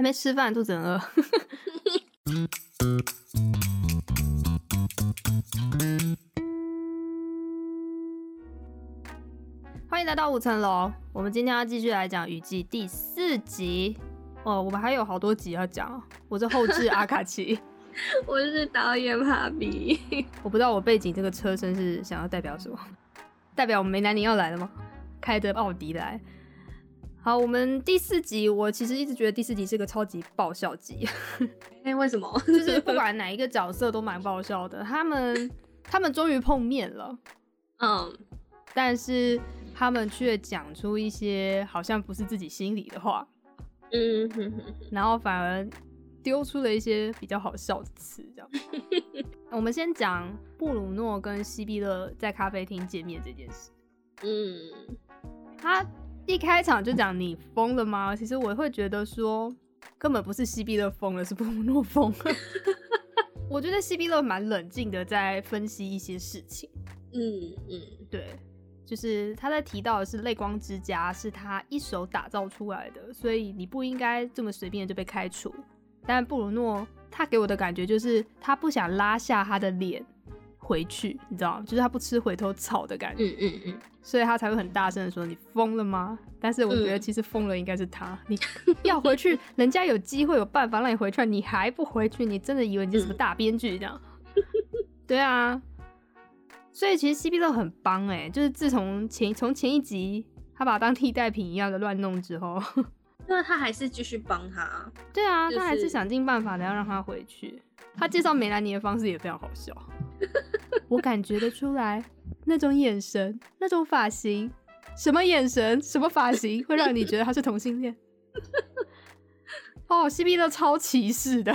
還沒吃飯，肚子很餓。 歡迎來到五層樓，我們今天要繼續來講《雨季》第四集哦。我們還有好多集要講，我是後製阿卡奇， 我是導演帕比。 我不知道我背景這個車身是想要代表什麼，代表我們梅蘭妮要來了嗎？開着奧迪來。好，我們第四集，我其實一直覺得第四集是個超級爆笑集。哎、 欸，為什麼？ 就是不管哪一個角色都蠻爆笑的。他們，他們終於碰面了。嗯、um.。但是他們卻講出一些好像不是自己心裡的話。嗯、um.。然後反而丟出了一些比較好笑的詞，這樣。 我們先講布魯諾跟西碧樂在咖啡廳見面這件事。嗯、um.。他。一開場就講，你瘋了嗎？其實我會覺得說，根本不是西碧樂瘋了，是布魯諾瘋了。 我覺得西碧樂蠻冷靜的，在分析一些事情。嗯嗯，對，就是他在提到的是淚光之家是他一手打造出來的，所以你不應該這麼隨便的就被開除。但布魯諾他給我的感覺就是他不想拉下他的臉。回去，你知道嗎？就是他不吃回頭草的感覺。嗯嗯嗯。所以他才會很大聲的說：“你瘋了嗎？”但是我覺得其實瘋了應該是他。你要回去， 人家有機會有辦法讓你回去，你還不回去，你真的以為你是什麼大編劇這樣？嗯、對啊。所以其實西碧樂很幫哎、欸，就是自從前從前一集他把他當替代品一樣的亂弄之後， 那他還是繼續幫他。對啊，他還是想盡辦法的、就是、要讓他回去。他介紹梅蘭妮的方式也非常好笑。 我感覺得出來，那種眼神，那種髮型，什麼眼神，什麼髮型，會讓你覺得他是同性戀？ 哦，CP 都超歧視的、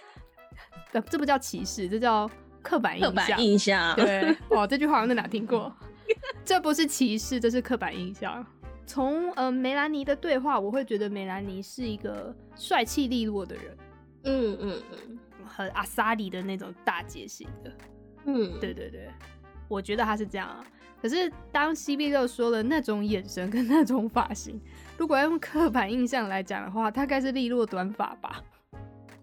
呃。這不叫歧視，這叫刻板印象。印象對，哦，這句話好像在哪聽過？ 這不是歧視，這是刻板印象。從呃梅蘭妮的對話，我會覺得梅蘭妮是一個帥氣利落的人。嗯嗯嗯，很、嗯、阿薩里的那種大姐型的。嗯，對對對，我覺得他是這樣啊。可是當西碧樂說了那種眼神、跟那種髮型，如果要用刻板印象來講的話，大概是利落短髮吧？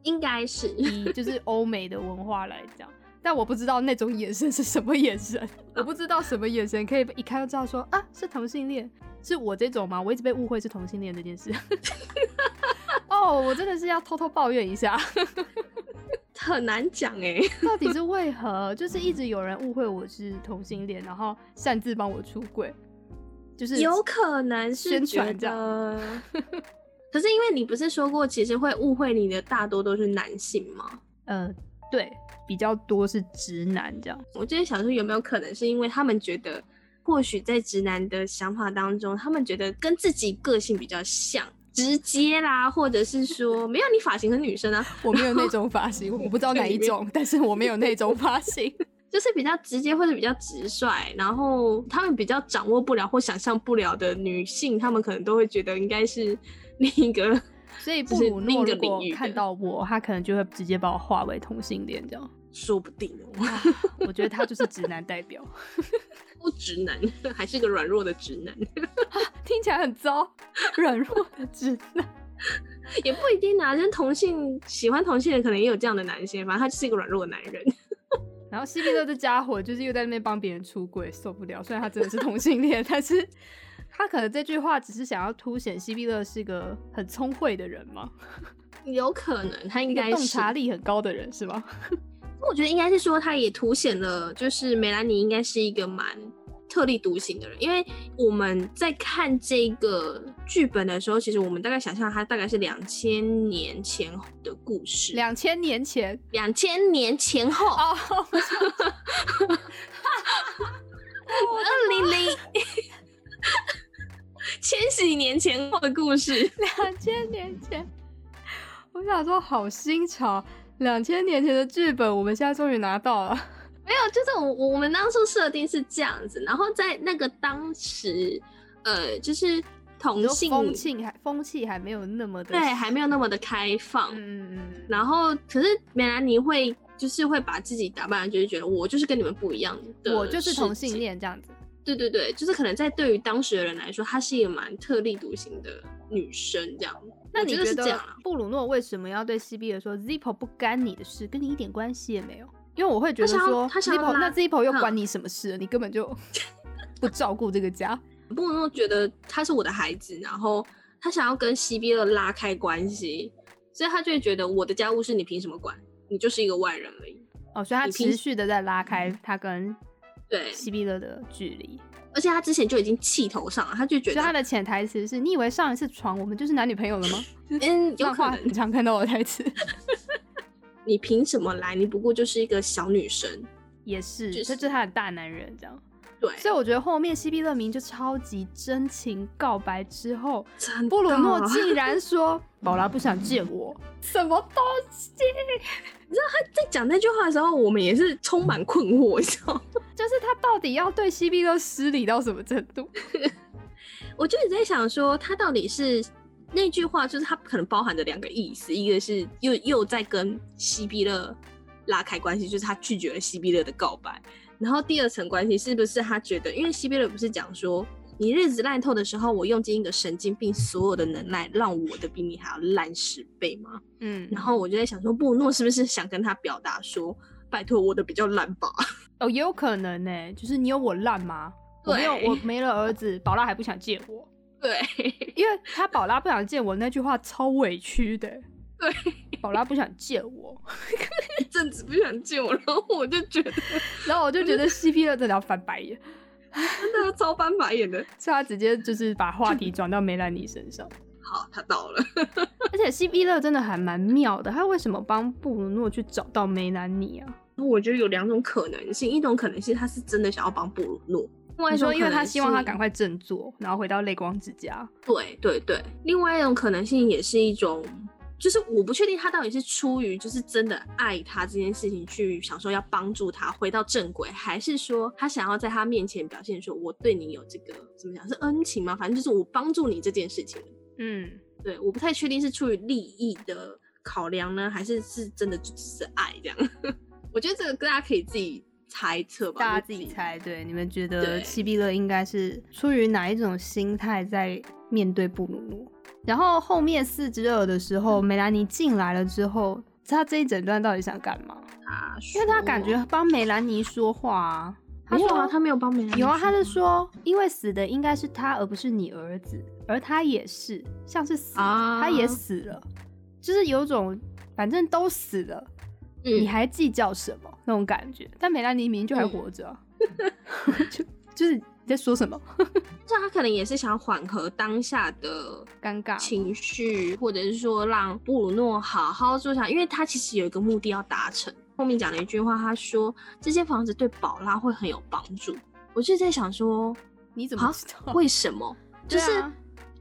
應該是，就是歐美的文化來講。 但我不知道那種眼神是什麼眼神，我不知道什麼眼神可以一看就知道說，啊是同性戀，是我這種嗎？我一直被誤會是同性戀這件事。哦、 oh，我真的是要偷偷抱怨一下。很難講誒，到底是為何？ 就是一直有人誤會我是同性戀，然後擅自幫我出櫃，就是有可能是覺得。可是因為你不是說過，其實會誤會你的大多都是男性嗎？呃，對，比較多是直男這樣。我今天想說，有沒有可能是因為他們覺得，或許在直男的想法當中，他們覺得跟自己個性比較像。直接啦，或者是說沒有你髮型的女生啊，我沒有那種髮型， 我不知道哪一種， 但是我沒有那種髮型，就是比較直接或者比較直率，然後他們比較掌握不了或想象不了的女性，他們可能都會覺得應該是另一個， 是另一個所以布魯諾看到我，他可能就會直接把我化為同性戀，這樣 說不定， 我覺得他就是直男代表。 不直男，還是一個軟弱的直男，聽起來很糟。軟弱的直男， 也不一定啊。跟同性喜歡同性的可能也有這樣的男性。反正他就是一個軟弱的男人。然後西碧樂這家伙就是又在那邊幫別人出櫃，受不了。雖然他真的是同性戀， 但是他可能這句話只是想要凸顯西碧樂是個很聰慧的人嗎？有可能，他應該是洞察力很高的人，是吧？我覺得應該是說，他也凸顯了，就是梅蘭妮應該是一個蠻特立獨行的人。因為我們在看這個劇本的時候，其實我們大概想象他大概是兩千年前後的故事。兩千年前，兩千年前後。二零零， 2000... 千禧年前後的故事。兩千年前，我想說，好新潮。兩千年前的劇本，我們現在終於拿到了。沒有，就是我我們當初設定是這樣子，然後在那個當時，呃，就是同性風氣還風氣還沒有那麼的對，還沒有那麼的開放。嗯嗯。然後，可是梅蘭妮會就是會把自己打扮，就是覺得我就是跟你們不一樣的，我就是同性戀這樣子。對對對，就是可能在對於當時的人來說，她是一個蠻特立獨行的女生這樣。那你就是覺得布魯諾為什麼要對西碧樂說 “Zippo 不干你的事，跟你一點關係也沒有”？因為我會覺得說，他想要他想要 Zippo, 那 Zippo 又關你什麼事？嗯。你根本就不照顧這個家。布魯諾覺得他是我的孩子，然後他想要跟西碧樂拉開關係，所以他就會覺得我的家務事你憑什麼管？你就是一個外人而已。哦，所以他持續的在拉開他跟對西碧樂的距離。而且他之前就已經氣頭上了，他就覺得他，他的潛台詞是：你以為上一次床我們就是男女朋友了嗎？ 嗯，有可能你常看到我的台詞。 你憑什麼來？你不過就是一個小女生，也是，就是就是他的大男人這樣。對，所以我覺得後面西碧樂明就超級真情告白之後，布魯諾竟然說：“寶 拉不想見我。”什麼東西？你知道他在講那句話的時候，我們也是充滿困惑，你知道嗎？就是他到底要對西碧樂失禮到什麼程度？ 我就一直在想說，說他到底是那句話，就是他可能包含着兩個意思，一個是又又在跟西碧樂拉開關係，就是他拒絕了西碧樂的告白。然後第二層關係是不是他覺得，因為西碧樂不是講說你日子爛透的時候，我用盡一個神經病所有的能耐，讓我的比你還要爛十倍嗎？嗯，然後我就在想說，布魯諾是不是想跟他表達說，拜託我的比較爛吧？哦，也有可能呢、欸，就是你有我爛嗎？我沒有，我沒了兒子，寶拉還不想見我。對， 因為他寶拉不想見我那句話超委屈的、欸。對，寶拉不想見我， 一陣子不想見我，然後我就覺得， 然後我就覺得西碧樂在那翻白眼， 真的要超翻白眼的，是他直接就是把話題轉到梅蘭妮身上。好，他到了， 而且西碧樂真的還蠻妙的。他為什麼幫布魯諾去找到梅蘭妮啊？那我覺得有兩種可能性，一種可能性他是真的想要幫布魯諾，或者說因為他希望他趕快振作，然後回到淚光之家。對對對，另外一種可能性也是一種。就是我不確定他到底是出於就是真的愛他這件事情去想說要幫助他回到正軌，還是說他想要在他面前表現說，我對你有這個怎麼講是恩情嗎？反正就是我幫助你這件事情。嗯，對，我不太確定是出於利益的考量呢，還是是真的只是愛這樣。 我覺得這個大家可以自己猜測吧。大家自己猜，對，你們覺得西碧樂應該是出於哪一種心態在面對布魯諾？然後後面四只耳的時候、嗯，梅蘭妮進來了之後，他這一整段到底想幹嘛？啊、因為他感覺幫梅蘭妮說話、啊沒啊說，沒有啊？他沒有幫梅蘭妮說話，有啊？他是說，因為死的應該是他，而不是你兒子，而他也是像是死，他、啊、也死了，就是有種反正都死了，你還計較什麼、嗯、那種感覺？但梅蘭妮明明就還活着、啊，就 就是。在說什麼？這 他可能也是想緩和當下的尷尬情緒，或者是說讓布魯諾好好坐下，因為他其實有一個目的要達成。後面講了一句話，他說這間房子對寶拉會很有幫助。我就在想說，你怎麼？為什麼？就是。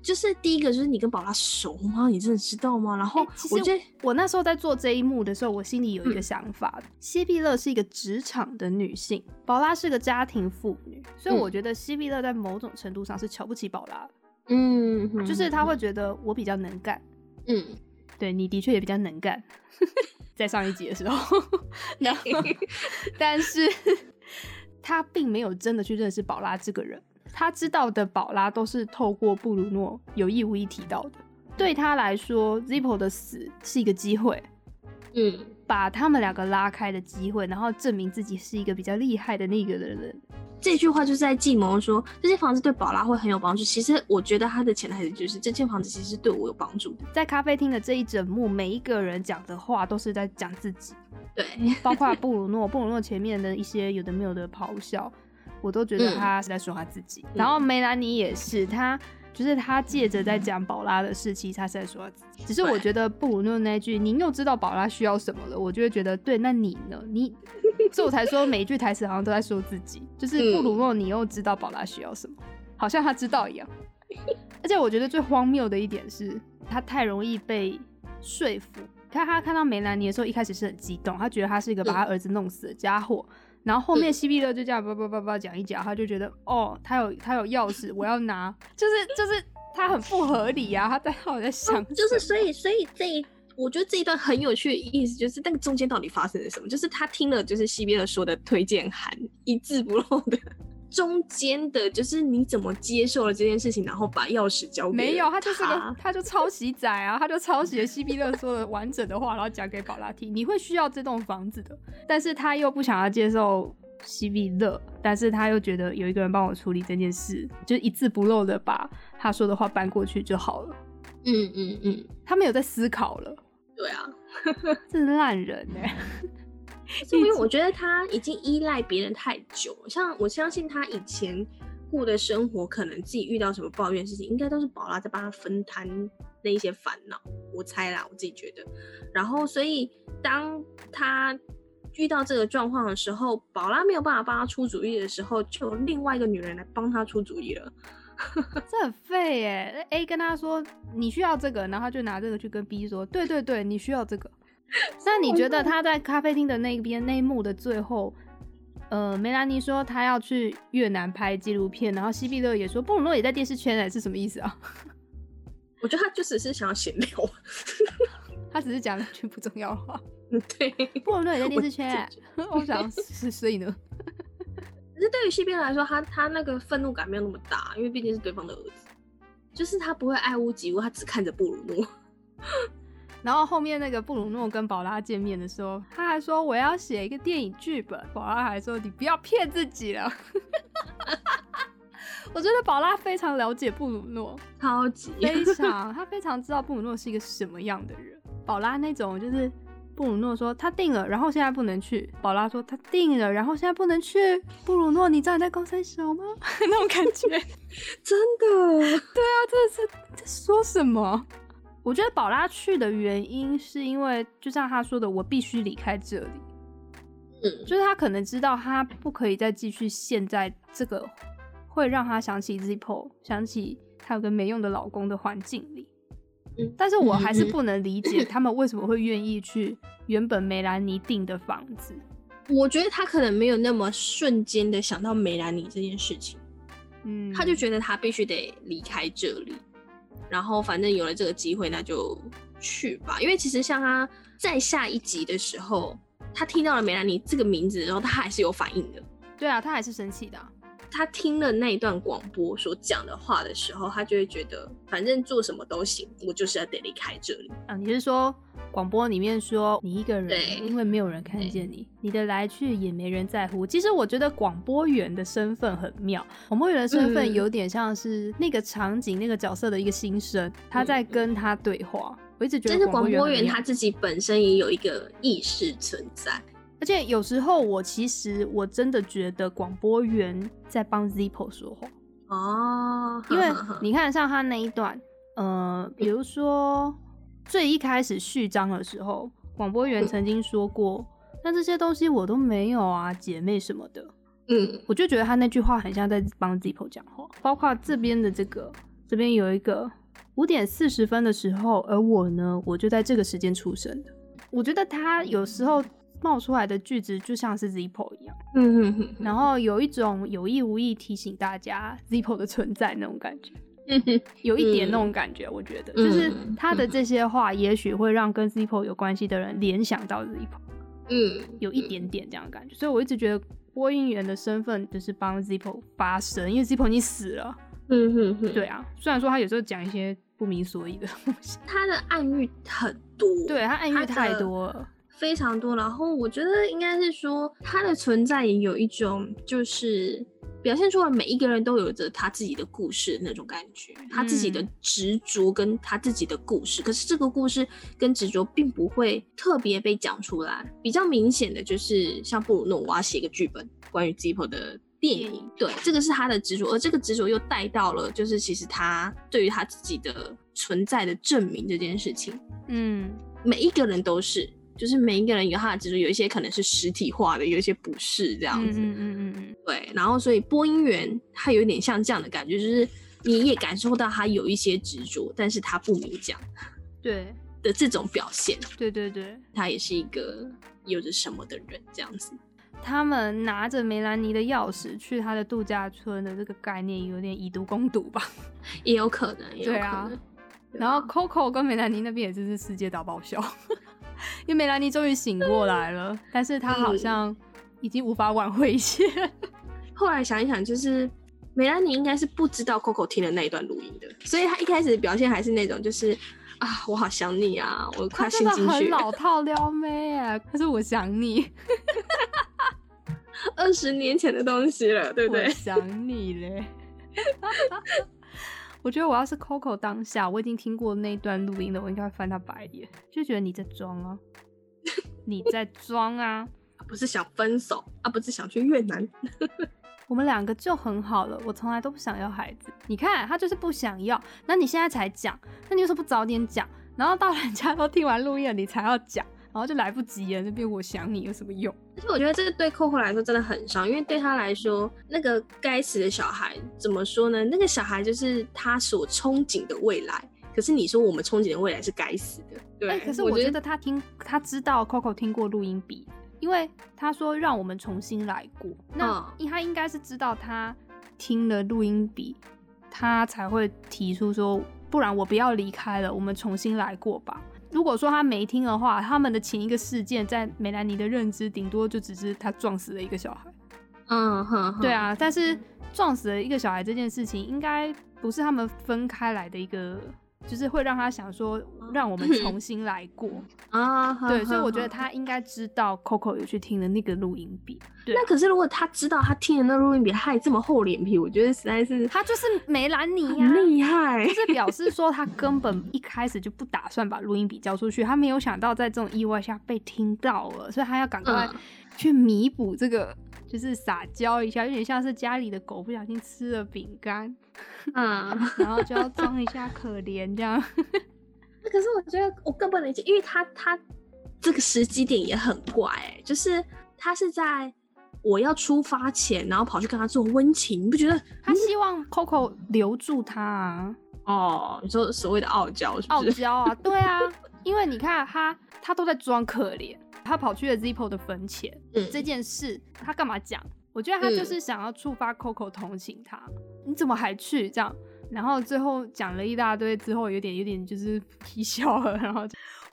就是第一個，就是你跟寶拉熟嗎？你真的知道嗎？然後，我覺得、欸、其實我，我那時候在做這一幕的時候，我心裡有一個想法、嗯、西碧樂是一個職場的女性，寶拉是個家庭婦女，所以我覺得西碧樂在某種程度上是瞧不起寶拉。嗯，就是他會覺得我比較能幹。嗯，對你的確也比較能幹、嗯，在上一集的時候。 然後 但是他並沒有真的去認識寶拉這個人。他知道的寶拉都是透過布魯諾有意無意提到的。對他來說，Zippo 的死是一個機會，嗯，把他們兩個拉開的機會，然後證明自己是一個比較厲害的那個人。這句話就是在計謀說，這些房子對寶拉會很有幫助。其實我覺得他的潛台詞就是，這間房子其實是對我有幫助的。在咖啡廳的這一整幕，每一個人講的話都是在講自己，對，包括布魯諾， 布魯諾前面的一些有的沒有的咆哮。我都覺得他是在說他自己，嗯、然後梅蘭妮也是，他就是他借着在講寶拉的事情，他是在說他自己。只是我覺得布魯諾那句“你又知道寶拉需要什麼了”，我就會覺得，對，那你呢？你， 所以我才說每一句台詞好像都在說自己。就是布魯諾，你又知道寶拉需要什麼，好像他知道一樣。 而且我覺得最荒謬的一點是，他太容易被說服。看他看到梅蘭妮的時候，一開始是很激動，他覺得他是一個把他兒子弄死的傢伙。嗯然後後面西碧樂就這樣叭叭叭叭講一講，他就覺得哦，他有他有鑰匙， 我要拿，就是就是他很不合理啊。他在好像在想，就是所以所以這一，我覺得這一段很有趣的意思就是那個中間到底發生了什麼？就是他聽了就是西碧樂說的推薦函一字不漏的，中間的就是你怎麼接受了這件事情，然後把鑰匙交給沒有？他就是個，他，他就抄襲仔啊，他就抄襲了西碧樂說的完整的話，然後講給寶拉聽。你會需要這棟房子的，但是他又不想要接受西碧樂，但是他又覺得有一個人幫我處理這件事，就一字不漏的把他說的話搬過去就好了。嗯嗯嗯，他沒有在思考了。對啊， 這是爛人哎、欸。因為我覺得他已經依賴別人太久了，像我相信他以前過的生活，可能自己遇到什麼抱怨的事情，應該都是寶拉在幫他分攤那一些煩惱，我猜啦，我自己覺得。然後所以當他遇到這個狀況的時候，寶拉沒有辦法幫他出主意的時候，就有另外一個女人來幫他出主意了。 這很廢耶，欸，那 A 跟他說你需要這個，然後他就拿這個去跟 B 說，對對對，你需要這個。 那你覺得他在咖啡廳的那邊 那一幕的最後，呃，梅蘭妮說他要去越南拍紀錄片，然後西碧樂也說布魯諾也在電視圈，哎，是什麼意思啊？我覺得他就只是想閒聊， 他只是講了句不重要的話。對， 布魯諾也在電視圈，欸， 我講四十歲呢。 可是對於西碧樂來說，他他那個憤怒感沒有那麼大，因為畢竟是對方的兒子，就是他不會愛屋及烏，他只看着布魯諾。 然後後面那個布魯諾跟寶拉見面的時候，他還說我要寫一個電影劇本。寶拉還說你不要騙自己了。哈哈哈哈哈哈！我覺得寶拉非常了解布魯諾，超級非常，他非常知道布魯諾是一個什麼樣的人。 寶拉那種就是，布魯諾說他定了，然後現在不能去。寶拉說他定了，然後現在不能去。布魯諾，你知道你在高三小嗎？ 那種感覺， 真的。 對啊，這是在說什麼？我覺得寶拉去的原因是因為，就像他說的，我必須離開這裡。嗯，就是他可能知道他不可以再繼續陷在這個會讓他想起 Zippo、想起他有個沒用的老公的環境裡。嗯，但是我還是不能理解他們為什麼會願意去原本梅蘭妮訂的房子。我覺得他可能沒有那麼瞬間的想到梅蘭妮這件事情。嗯，他就覺得他必須得離開這裡。然後反正有了這個機會，那就去吧。因為其實像他在下一集的時候，他聽到了梅蘭妮這個名字，然後他還是有反應的。對啊，他還是生氣的啊。他聽了那一段廣播所講的話的時候，他就會覺得，反正做什麼都行，我就是要得離開這裡。啊，你是說？廣播裡面說你一個人，因為沒有人看見你，你的來去也沒人在乎。其實我覺得廣播員的身份很妙，廣播員的身份有點像是那個場景、嗯、那個角色的一個心聲，他在跟他對話。我一直覺得廣，但、就是廣播員他自己本身也有一個意識存在，而且有時候我其實我真的覺得廣播員在幫 Zippo 說話哦，因為你看像他那一段，嗯、呃，比如說。最一開始序章的時候，廣播員曾經說過、嗯，但這些東西我都沒有啊，姐妹什麼的。嗯，我就覺得他那句話很像在幫 Zippo 講話，包括這邊的這個，這邊有一個五點四十分的時候，而我呢，我就在這個時間出生的。我覺得他有時候冒出來的句子就像是 Zippo 一樣，嗯嗯嗯，然後有一種有意無意提醒大家 Zippo 的存在那種感覺。 有一點那種感覺，我覺得 就是他的這些話，也許會讓跟 Zippo 有關係的人聯想到 Zippo。嗯， 有一點點這樣的感覺， 所以我一直覺得播音員的身份就是幫 Zippo 發聲，因為 Zippo 你死了。嗯哼哼，對啊，雖然說他有時候講一些不明所以的東西，他的暗喻很多，對他暗喻太多了，非常多。然後我覺得應該是說他的存在也有一種就是。表現出了每一個人都有着他自己的故事的那種感覺，他自己的執着跟他自己的故事，可是這個故事跟執着並不會特別被講出來。比較明顯的就是像布魯諾，我要寫一個劇本關於 Zippo 的電影，對，這個是他的執着，而這個執着又帶到了就是其實他對於他自己的存在的證明這件事情。嗯，每一個人都是。就是每一個人有他的執着，有一些可能是實體化的，有一些不是這樣子。嗯嗯嗯，嗯對，然後所以播音員他有一點像這樣的感覺，就是你也感受到他有一些執着，但是他不明講。對。的這種表現。對對對。他也是一個有着什麼的人這樣子。他們拿着梅蘭妮的鑰匙去他的度假村的這個概念，有點以毒攻毒吧？也有可能。可能對啊對。然後 Coco 跟梅蘭妮那邊也真是世界大爆笑。因為梅蘭妮終於醒過來了，嗯，但是她好像已經無法挽回一些，嗯。後來想一想，就是梅蘭妮應該是不知道 Coco 聽的那一段錄音的，所以她一開始的表現還是那種，就是啊，我好想你啊，我快心情去，她很老套撩妹啊。可是我想你，二 十年前的東西了，對不對？我想你嘞。 我覺得我要是 Coco 當下，我已經聽過那段錄音了，我應該會翻他白眼，就覺得你在裝啊， 你在裝啊，不是想分手而不是想去越南， 我們兩個就很好了，我從來都不想要孩子，你看他就是不想要，那你現在才講，那你為什麼不早點講，然後到人家都聽完錄音了，你才要講？然後就來不及了，那邊我想你有什麼用？而且我覺得這個對 Coco 來說真的很傷，因為對他來說，那個該死的小孩怎麼說呢？那個小孩就是他所憧憬的未來。可是你說我們憧憬的未來是該死的，對。欸，可是我覺得他聽，他知道 Coco 聽過錄音筆，因為他說讓我們重新來過。那他應該是知道他聽了錄音筆，他才會提出說，不然我不要離開了，我們重新來過吧。如果說他沒聽的話，他們的前一個事件在梅蘭妮的認知，頂多就只是他撞死了一個小孩。嗯哼，對啊，但是撞死了一個小孩這件事情，應該不是他們分開來的一個。就是會讓他想說，讓我們重新來過啊、嗯！對、嗯嗯，所以我覺得他應該知道 Coco 有去聽的那個錄音筆、啊。那可是如果他知道他聽的那錄音筆，他還這麼厚臉皮，我覺得實在是……他就是梅蘭妮呀，厲害！就是表示說他根本一開始就不打算把錄音筆交出去，他沒有想到在這種意外下被聽到了，所以他要趕快、嗯。去彌補這個，就是撒嬌一下，有點像是家裡的狗不小心吃了餅乾，啊、 嗯，然後就要裝一下可憐這樣。 可是我覺得我更不理解，因為他他這個時機點也很怪、欸，就是他是在我要出發前，然後跑去跟他做溫情，你不覺得？他希望 Coco 留住他、啊嗯。哦，你說所謂的傲嬌是不是，傲嬌啊，對啊， 因為你看他，他，他都在裝可憐。他跑去了 Zippo 的墳前、嗯，這件事他幹嘛講？我覺得他就是想要觸發 Coco 同情他、嗯。你怎麼還去這樣？然後最後講了一大堆之後，有點有點就是皮笑了。然後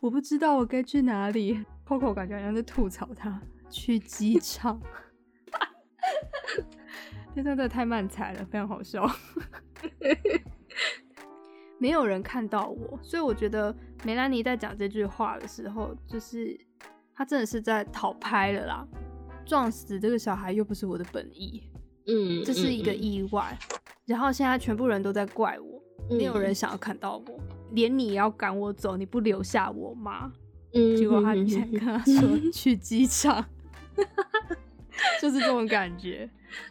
我不知道我該去哪裡。Coco 感覺好像在吐槽他去機場。這 真的太漫才了，非常好笑。 沒有人看到我，所以我覺得梅蘭妮在講這句話的時候，就是。他真的是在討拍了啦，撞死這個小孩又不是我的本意，嗯，這是一個意外。嗯、然後現在全部人都在怪我，嗯、沒有人想要看到我，連你也要趕我走，你不留下我嗎？嗯，結果他直接跟他說、嗯、 去機場， 就是這種感覺。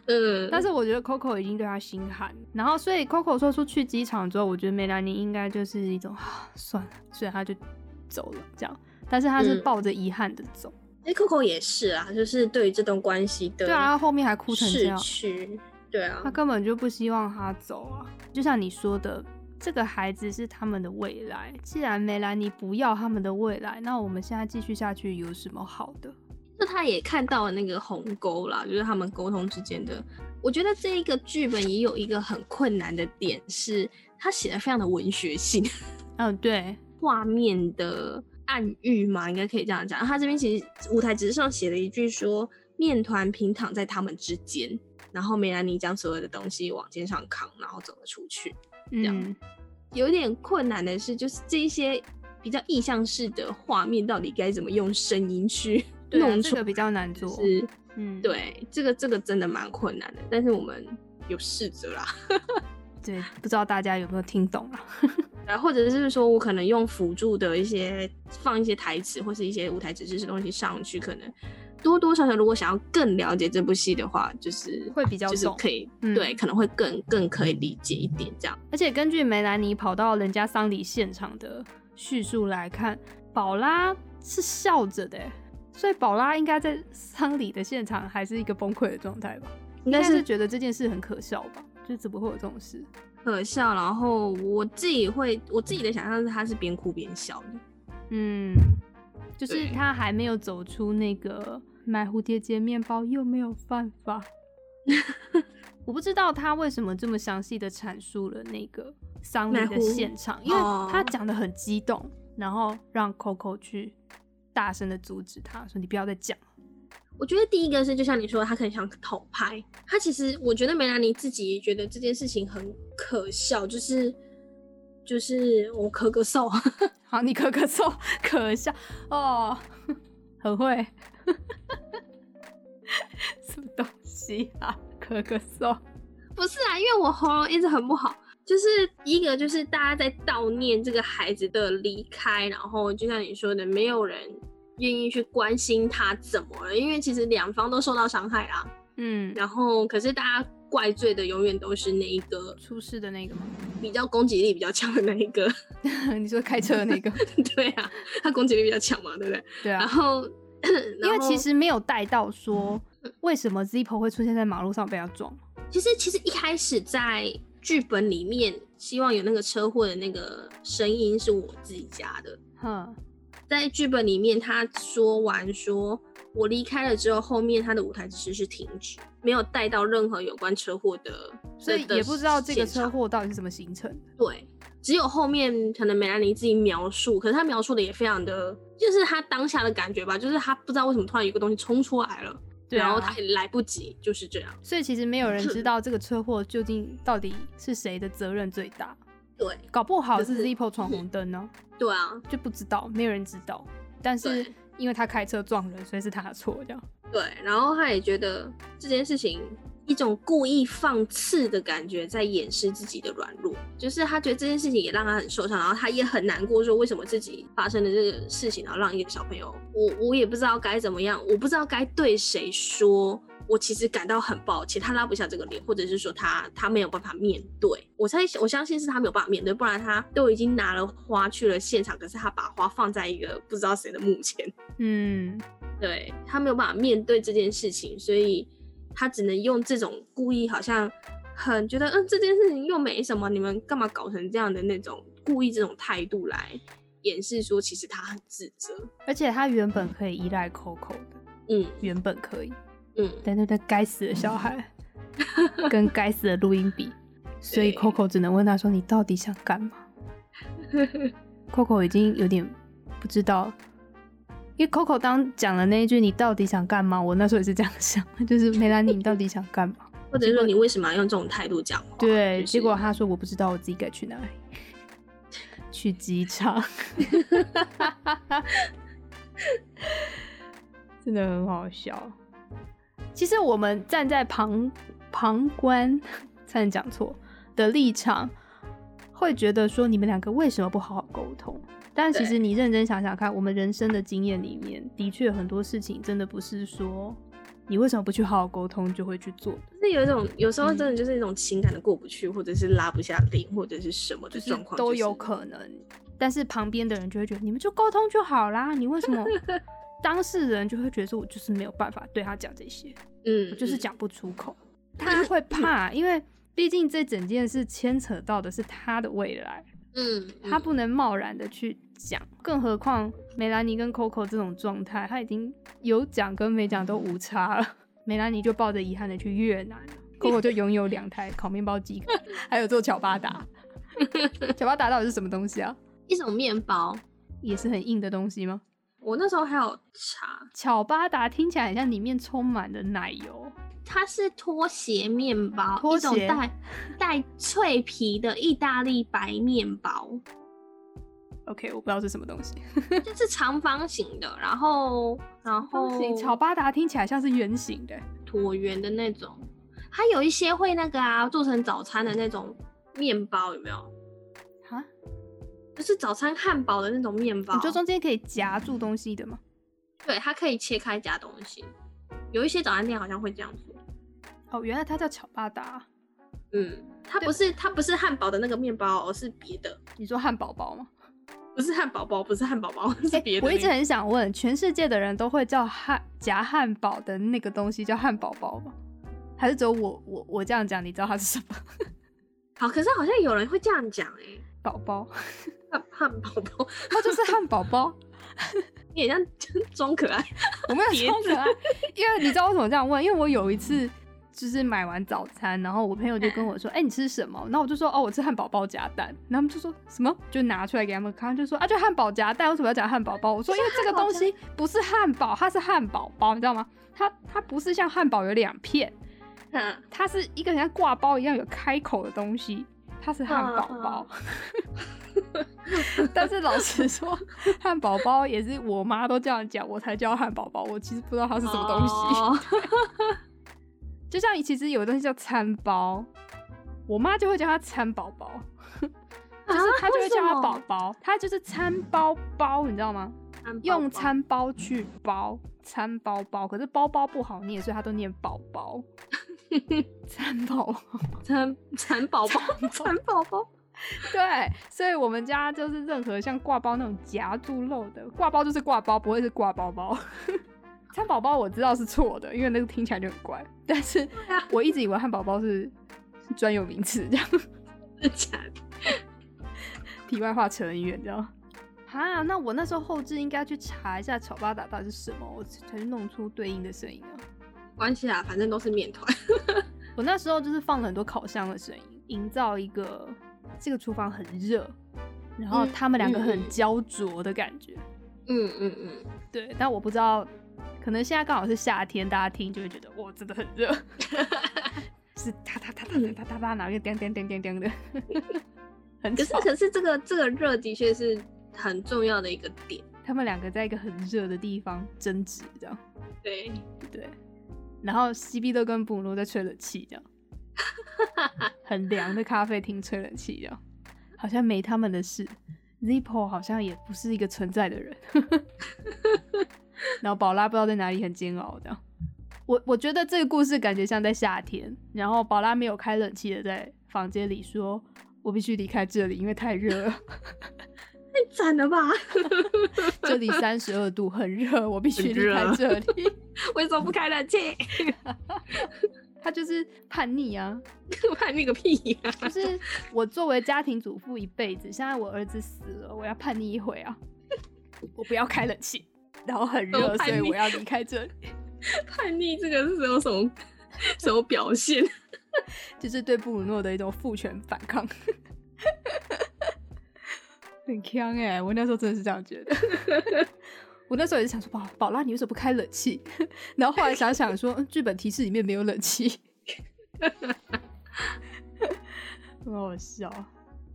嗯，但是我覺得 Coco 已經對他心寒，然後所以 Coco 說出去機場之後，我覺得梅蘭妮應該就是一種啊、哦、算了，所以他就走了這樣。但是他是抱着遺憾的走，哎，嗯，Coco，欸，也是啊，就是對於這段關係的，對啊，他後面還哭成這樣，對啊，他根本就不希望他走啊，就像你說的，這個孩子是他們的未來，既然梅蘭妮不要他們的未來，那我們現在繼續下去有什麼好的？那他也看到了那個鴻溝啦，就是他們溝通之間的，我覺得這一個劇本也有一個很困難的點，是他寫的非常的文學性，嗯，對，畫面的。暗喻嘛，應該可以這樣講。他這邊其實舞台指示上寫了一句說，說麵糰平躺在他們之間，然後梅蘭妮將所有的東西往肩上扛，然後走了出去。這樣、嗯、有點困難的是，就是這一些比較意象式的畫面，到底該怎麼用聲音去弄出？ 這個、比較難做。就是，嗯，對，這個這個真的蠻困難的，但是我們有試着啦。 對，不知道大家有沒有聽懂了、啊，啊， 或者是說我可能用輔助的一些，放一些台詞或是一些舞台指示的東西上去，可能多多少少，如果想要更了解這部戲的話，就是會比較就是可以、嗯、對，可能會更更可以理解一點這樣。而且根據梅蘭妮跑到人家喪禮現場的敘述來看，寶拉是笑着的耶，所以寶拉應該在喪禮的現場還是一個崩潰的狀態吧？應該是覺得這件事很可笑吧？就怎麼會有這種事？可笑。然後我自己會，我自己的想象是他是邊哭邊笑的。嗯，就是他還沒有走出那個買蝴蝶結麵包又沒有辦法。 我不知道他為什麼這麼詳細的闡述了那個喪禮的現場，因為他講的很激動，哦，然後讓 Coco 去大聲的阻止他說：“所以你不要再講。”我覺得第一個是，就像你說，他可能想討拍。他其實，我覺得梅蘭妮自己也覺得這件事情很可笑，就是就是我咳咳嗽，好、啊，你咳咳嗽，可笑哦，很會，什 麼東西啊，咳咳嗽，不是啊，因為我喉嚨一直很不好。就是一個，就是大家在悼念這個孩子的離開，然後就像你說的，沒有人。願意去關心他怎麼了，因為其實兩方都受到傷害啦。嗯，然後可是大家怪罪的永遠都是那一個出事的那個，比較攻擊力比較強的那一個。 你說開車的那個？ 對啊，他攻擊力比較強嘛，對不對？對啊。然後， 然後因為其實沒有帶到說為什麼 Zippo 會出現在馬路上被他撞。其實，其實一開始在劇本裡面，希望有那個車禍的那個聲音是我自己加的。嗯。在劇本裡面，他說完說，我離開了之後，後面他的舞台其實是停止，沒有帶到任何有關車禍的，所以也不知道這個車禍到底是怎麼形成的。對，只有後面可能梅蘭妮自己描述，可是他描述的也非常的，就是他當下的感覺吧，就是他不知道為什麼突然有一個東西衝出來了，對啊、然後他也來不及，就是這樣。所以其實沒有人知道這個車禍究竟到底是誰的責任最大。 對，搞不好是 Zippo 闖紅燈呢、啊。就是對啊，就不知道，沒有人知道。但是因為他開車撞人，所以是他的錯，這樣。對，然後他也覺得這件事情一種故意放肆的感覺，在掩飾自己的軟弱。就是他覺得這件事情也讓他很受傷，然後他也很難過，說為什麼自己發生的這個事情，然後讓一個小朋友，我我也不知道該怎麼樣，我不知道該對誰說。我其實感到很抱歉，他拉不下這個臉，或者是說他他沒有辦法面對。我猜我相信是他沒有辦法面對，不然他都已經拿了花去了現場，可是他把花放在一個不知道誰的墓前。嗯，對，他沒有辦法面對這件事情，所以他只能用這種故意好像很覺得嗯這件事情又沒什麼，你們幹嘛搞成這樣的那種故意這種態度來掩飾，說其實他很自責，而且他原本可以依賴 Coco 的，嗯，原本可以。嗯、對他對，對，該死的小孩、嗯，跟該死的錄音筆， 所以 Coco 只能問他說：“你到底想幹嘛？” Coco 已經有點不知道，因為 Coco 當講了那一句“你到底想幹嘛”，我那時候也是這樣想，就是梅蘭妮，你到底想幹嘛？或者說你為什麼要用這種態度講話？對、就是，結果他說：“我不知道，我自己該去哪裡？”去機場， 真的很好笑。其實我們站在旁旁觀才能講錯的立場，會覺得說，你們兩個為什麼不好好溝通？但其實你認真想想看，我們人生的經驗裡面，的確很多事情真的不是說你為什麼不去好好溝通就會去做的。那有一種，有時候真的就是一種情感的過不去，嗯、或者是拉不下臉，或者是什麼的狀況、就是，都有可能。但是旁邊的人就會覺得你們就溝通就好啦，你為什麼？ 當事人就會覺得說，我就是沒有辦法對他講這些，嗯，我就是講不出口，嗯。他會怕，因為畢竟這整件事牽扯到的是他的未來，嗯，嗯他不能貿然的去講。更何況梅蘭妮跟 Coco 這種狀態，他已經有講跟沒講都無差了。嗯、梅蘭妮就抱着遺憾的去越南，嗯、Coco 就擁有兩台烤麵包機、嗯，還有做巧巴達，嗯。巧巴達到底是什麼東西啊？一種麵包，也是很硬的東西嗎？我那時候還有茶，巧巴達，聽起來很像裡面充滿了奶油。它是拖鞋麵包，拖鞋，一種帶帶脆皮的意大利白麵包。OK，我不知道是什麼東西， 就是長方形的，然後然後巧巴達聽起來像是圓形的，橢圓的那種。它有一些會那個啊，做成早餐的那種麵包，有沒有？就是早餐漢堡的那種麵包，你說中間可以夾住東西的嗎？對，它可以切開夾東西。有一些早餐店好像會這樣做。哦，原來它叫巧巴達啊。嗯，它不是它不是漢堡的那個麵包哦，而是別的。你說漢堡包嗎？不是漢堡包，不是漢堡包，是別的類的，欸。我一直很想問，全世界的人都會叫漢夾漢堡的那個東西叫漢堡包嗎？還是只有我我我這樣講，你知道它是什麼？ 好，可是好像有人會這樣講哎，寶寶。漢堡包 堡包，它就是漢堡包。你很像裝可愛，我沒有裝可愛。因為你知道我怎麼這樣問？因為我有一次就是買完早餐，然後我朋友，就跟我說：“哎、嗯、欸，你吃什麼？”然後我就說：“哦，我吃漢堡包夾蛋。”然後他們就說什麼？就拿出來給他們看，就說：“啊，就漢堡夾蛋，為什麼要講漢堡包？”我說：“因為這個東西不是漢堡，它是漢堡包，你知道嗎？它、它不是像漢堡有兩片，它是一個很像刈包一樣有開口的東西。”它是漢堡，堡、oh, 包， 但是老實說，漢堡包也是我媽都這樣講，我才叫漢堡包。我其實不知道它是什麼東西。Oh. 就像其實有一東西叫餐包，我媽就會叫它餐寶寶，就是她就會叫它寶寶，它、啊、就是餐包包，你知道嗎？餐包包用餐包去包餐包包，可是包包不好念，所以她都念寶寶。蠶寶寶，蠶蠶寶寶，蠶寶寶，對，所以，我們家就是任何像掛包那種夾豬肉的掛包，就是掛包，不會是掛包包。蠶寶寶我知道是錯的，因為那個聽起來就很怪，但是我一直以為漢堡包是專有名詞，這樣。真的？題外話扯很遠，知道嗎？啊，那我那時候後製應該去查一下“丑八打打”是什麼，我才去弄出對應的聲音關係啊，反正都是麵團。 我那時候就是放了很多烤箱的聲音，營造一個這個廚房很熱，然後他們兩個很焦灼的感覺。嗯嗯嗯，嗯，對。但我不知道，可能現在剛好是夏天，大家聽就會覺得哇，真的很熱。 是噠噠噠噠噠噠噠，拿個叮叮叮叮叮的。 很吵。可是可是這個這個熱的確是很重要的一個點。他們兩個在一個很熱的地方爭執，這樣。對對。然後西碧都跟布魯在吹冷氣，這樣，很涼的咖啡廳吹冷氣，這樣，好像沒他們的事。Zippo 好像也不是一個存在的人， 然後寶拉不知道在哪裡很煎熬這樣，的我我覺得這個故事感覺像在夏天，然後寶拉沒有開冷氣的在房間裡說：“我必須離開這裡，因為太熱了。 ”你慘了吧！ 這裡三十二度，很熱，我必須離開這裡。啊、 為什麼不開冷氣？ 他就是叛逆啊！ 叛逆個屁啊！就是我作為家庭主婦一輩子，現在我兒子死了，我要叛逆一回啊！ 我不要開冷氣，然後很熱，所以我要離開這裡叛。叛逆這個是有什麼什麼表現？ 就是對布魯諾的一種父權反抗。 很嗆哎、欸！我那時候真的是這樣覺得。 我那時候也是想說，寶，寶拉，你為什麼不開冷氣？然後後來想想說，劇 本提示裡面沒有冷氣， 很好笑。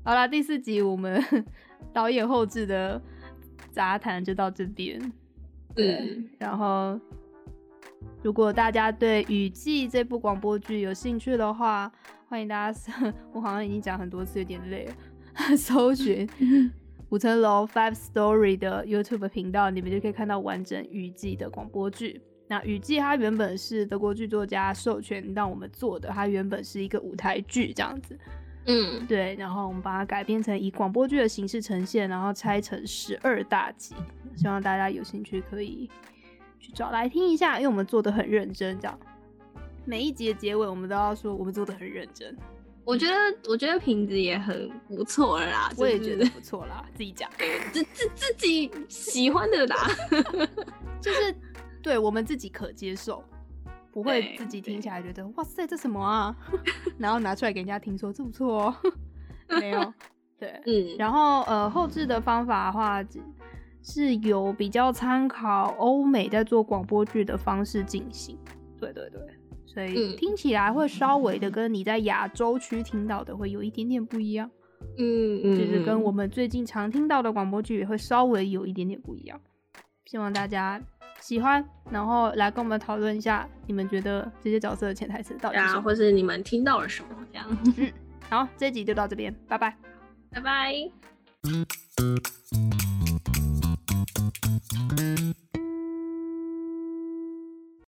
好啦，第四集我們導演後製的雜談就到這邊。對，嗯、然後如果大家對《雨季》這部廣播劇有興趣的話，歡迎大家。我好像已經講很多次，有點累了。搜 尋收覺。 五層樓 Five Story 的 YouTube 頻道，你們就可以看到完整《雨季》的廣播劇。那《雨季》它原本是德國劇作家授權讓我們做的，它原本是一個舞台劇這樣子，嗯，對。然後我們把它改編成以廣播劇的形式呈現，然後拆成十二大集。希望大家有興趣可以去找來聽一下，因為我們做的很認真，這樣。每一集的結尾我們都要說我們做的很認真。我覺得我覺得品質也很不錯啦，我也覺得不錯啦，就是、 自己講，自自自己喜歡的啦， 就是對我們自己可接受，不會自己聽起來覺得哇塞這什麼啊， 然後拿出來給人家聽說這不錯哦、喔，沒有，對，嗯，然後呃後製的方法的話，是有比較參考歐美在做廣播劇的方式進行，對對對。所以聽起來會稍微的跟你在亞洲區聽到的會有一點點不一樣，嗯嗯，就是跟我們最近常聽到的廣播劇也會稍微有一點點不一樣。希望大家喜歡，然後來跟我們討論一下，你們覺得這些角色的潛台詞到底是、啊，或是你們聽到了什麼？這樣。 嗯、好，這集就到這邊，拜拜，拜拜。